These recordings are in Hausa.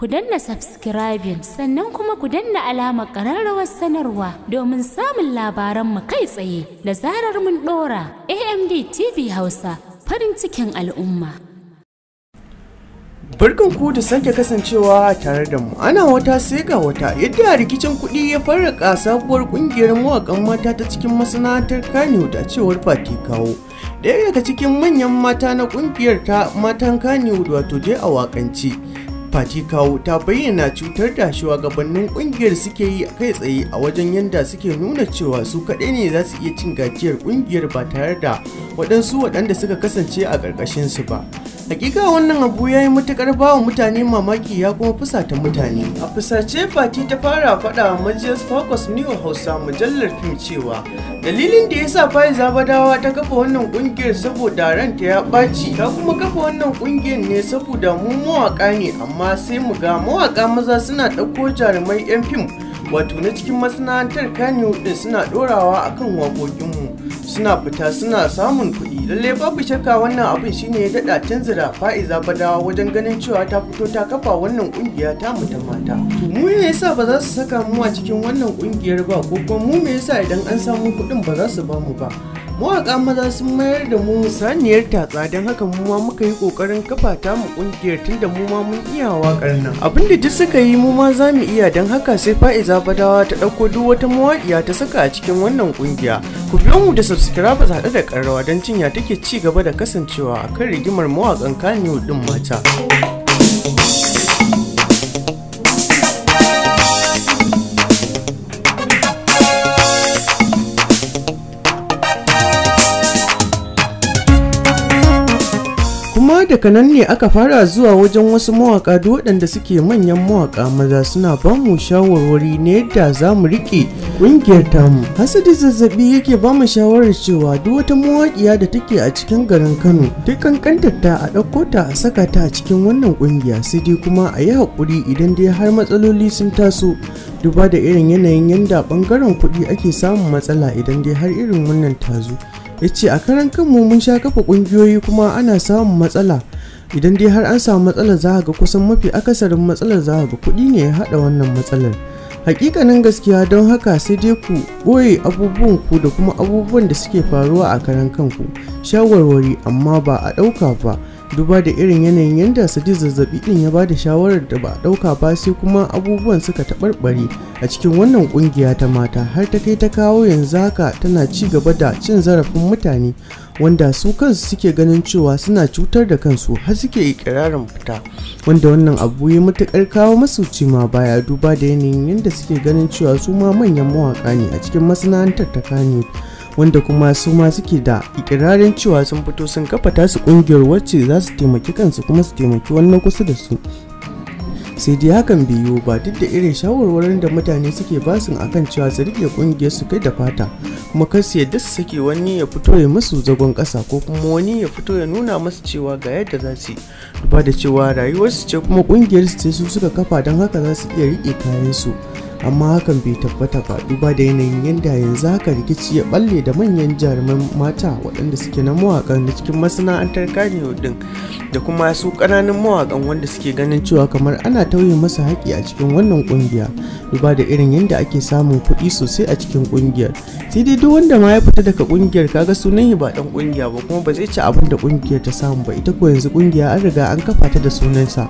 ku danna subscribing sannan kuma ku danna alamar ƙararrawar sanarwa domin samun labaran mu kai tsaye da zarar mun ɗora amd tv hausa farin cikin al'umma Birkin ku da sake kasancewa tare da mu ana wata sai ga wata yadda rikicin kuɗi ya farraka sabuwar ƙungiyar mawaƙan mata ta cikin masana'antar kano da cewar fati kawo ɗaya daga cikin manyan mata na ƙungiyar ta matan kano wato dai a waƙanci Kawo ta bayyana cutar da shugabannin kungiyar suke yi kai tsaye a wajen yadda suke nuna cewa su kaɗai ne za su iya cin gajiyar kungiyar ba tare da waɗansu waɗanda suka kasance a ƙarƙashinsu ba. Hakika wannan abu ya yi matukar ba wa mutane mamaki ya kuma fusata mutane. A fusace Fati ta fara faɗa a majiyar Focus New Hausa mujallar fim cewa dalilin da ya sa Faiza Badawa ta kafa wannan ƙungiyar saboda ranta ya ɓaci ta kuma kafa wannan ƙungiyar ne saboda mu mawaƙa ne amma sai mu ga mawaƙa maza suna ɗauko jarumai 'yan fim wato na cikin masana'antar kanyo din suna dorawa akan waƙoƙinmu suna fita suna samun kuɗi lallai babu shakka wannan abin shine ya daɗa tanzira fa'iza badawa wajen ganin cewa ta fito ta kafa wannan ƙungiya ta mu ta mata to mu me yasa ba za su saka mu a cikin wannan ƙungiyar ba ko kuma mu me yasa idan an samu kuɗin ba za su ba mu ba mawaƙa maza sun mayar da mu saniyar tatsa don haka mu ma muka yi ƙoƙarin kafa ta mu ƙungiyar tunda mu ma mun iya waƙar nan abin da duk suka yi mu ma za mu iya don haka sai fa'iza fadawa ta ɗauko duk wata mawaƙiya ta saka a cikin wannan ƙungiya ku biyo mu da subscribe haɗe da ƙararrawa don cinya take ci gaba da kasancewa akan rigimar mawaƙan kaniyo ɗin mata. daga nan ne aka fara zuwa wajen wasu mawaka duk waɗanda suke manyan mawaka maza suna ba mu shawarwari na yadda za mu riƙe ƙungiyar tamu hasadi zazzabi yake ba mu shawarar cewa duk wata mawakiya da take a cikin garin kano duk kankantar ta a ɗauko ta a saka ta a cikin wannan ƙungiya sai dai kuma a yi haƙuri idan dai har matsaloli sun taso duba da irin yanayin yadda ɓangaren kuɗi ake samun matsala idan dai har irin wannan tazo ya ce a karan kanmu mun sha kafa ƙungiyoyi kuma ana samun matsala idan dai har an samu matsalar za ga kusan mafi akasarin matsalar za ga kuɗi ne ya haɗa wannan matsalar hakikanin gaskiya don haka sai dai ku ɓoye abubuwan ku da kuma abubuwan da suke faruwa a karan kanku shawarwari amma ba a ɗauka ba duba da irin yanayin yadda sadi zazzabi din ya ba da shawarar da ba dauka ba sai kuma abubuwan suka taɓarɓare a cikin wannan kungiya ta mata har ta kai ta kawo yanzu haka tana ci gaba da cin zarafin mutane wanda su kansu suke ganin cewa suna cutar da kansu har suke ikirarin fita wanda wannan abu ya matukar kawo masu cima baya duba da yanayin yadda suke ganin cewa su ma manyan mawaka ne a cikin masana'antar ta kane wanda kuma su ma suke da ikirarin cewa sun fito sun kafa tasu kungiyar wacce za su taimaki kansu kuma su taimaki wannan kusa da su sai dai hakan biyu ba duk da irin shawarwarin da mutane suke basu akan cewa su rike kungiyar su kai da fata kuma kar su yadda su sake wani ya fito ya musu zagon kasa ko kuma wani ya fito ya nuna masu cewa ga yadda za su duba da cewa rayuwar ce kuma kungiyar su ce su suka kafa don haka za su iya rike kayan su amma hakan bai tabbata ba duba da yanayin yadda yanzu haka rikici ya balle da manyan jaruman mata waɗanda suke na mawakan da cikin masana'antar kanewa din da kuma su ƙananan mawakan wanda suke ganin cewa kamar ana tauye masa haƙi a cikin wannan ƙungiya duba da irin yadda ake samun kuɗi sosai a cikin ƙungiyar sai dai duk wanda ma ya fita daga ƙungiyar kaga sunan ba ɗan ƙungiya ba kuma ba zai ci abin da ƙungiyar ta samu ba ita ko yanzu ƙungiya an riga an kafa ta da sunansa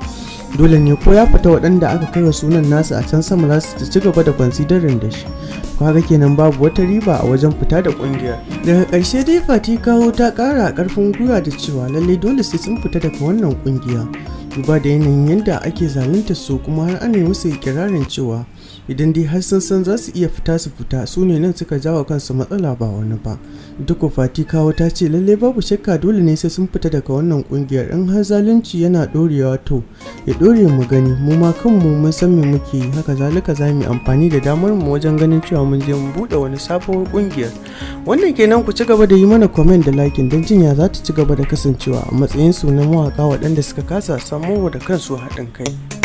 dole ne ko ya fita waɗanda aka kaiwa sunan nasa a can sama za su ci gaba da kwansidarin da shi kaga kenan babu wata riba a wajen fita da ƙungiyar daga karshe dai fati kawo ta ƙara karfin gwiwa da cewa lallai dole sai sun fita daga wannan ƙungiya duba da yanayin yadda ake zalunta su kuma har an yi musu ikirarin cewa idan dai har sun san za su iya fita su fita su ne nan suka jawa kansu matsala ba wani ba duk fati kawo ta ce lallai babu shakka dole ne sai sun fita daga wannan kungiyar in har zalunci yana dorewa to ya dore mu gani mu ma kanmu mun san me muke yi haka zalika za mu amfani da damar mu wajen ganin cewa mun je mu bude wani sabuwar kungiyar wannan kenan ku ci gaba da yi mana comment da liking don jinya za ta ci gaba da kasancewa a matsayin su na mawaka waɗanda suka kasa samowa da kansu haɗin kai.